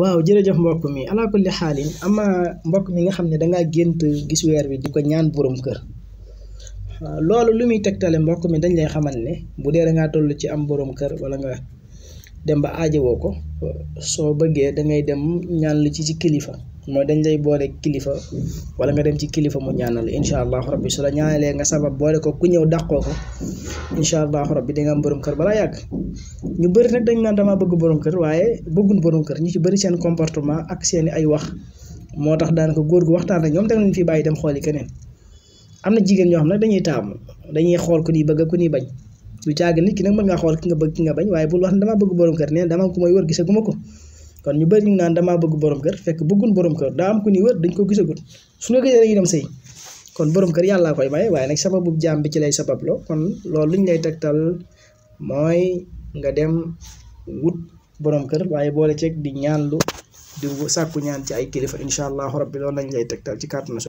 waaw jërëjëf mbokk mi alaa kulli xaalin ama mbokk mi nga xam ne dangaa gént gis weer bi di ko ñaan boroom kër loolu lu muy tegtale mbokk mi dañ lay xamal ne bu dee dangaa toll ci am borom kër wala nga dem ba aajowoo ko soo bëggee dangay dem ñaan lu ci ci kilifa mooy dañ lay boole kilifa wala nga dem ci kilifa mu ñaanal incha allahu rabbi su la ñaanalee nga sabab boole ko ku ñëw dàqoo ko incha allah rabbi di nga am borom kër balaa yàgg ñu bëri nag dañ naan dama bëgg borom kër waaye bëggun borom kër ñu ci bëri seen comportement ak seen ay wax moo tax daanaka góor gu waxtaan rek ñoom da nañ fi bàyyi dem xooli keneen am na jigéen ñoo xam nag dañuy taamu dañuy xool ku ni bëgg ku ni bañ du caaga nit ki nag mën ngaa xool ki nga bëgg ki nga bañ waaye bul wax ne dama bëgg borom kër neen dama ku may wër gise gisaguma ko kon ñu bari ñu naan damaa bëgg borom kër fekk bëggun borom kër daa am ku ni wër dañ ko gisagut su nga gisee dañuy dem sëy kon borom kër yàlla koy may waaye nag sababu jaam bi ci lay sababloo kon loolu ñu lay tegtal mooy nga dem wut borom kër waaye boole ceeg di ñaan lu di sàkku ñaan ci ay kilifa incha allahu rabbi loolu lañ lay tegtal ci kàttanu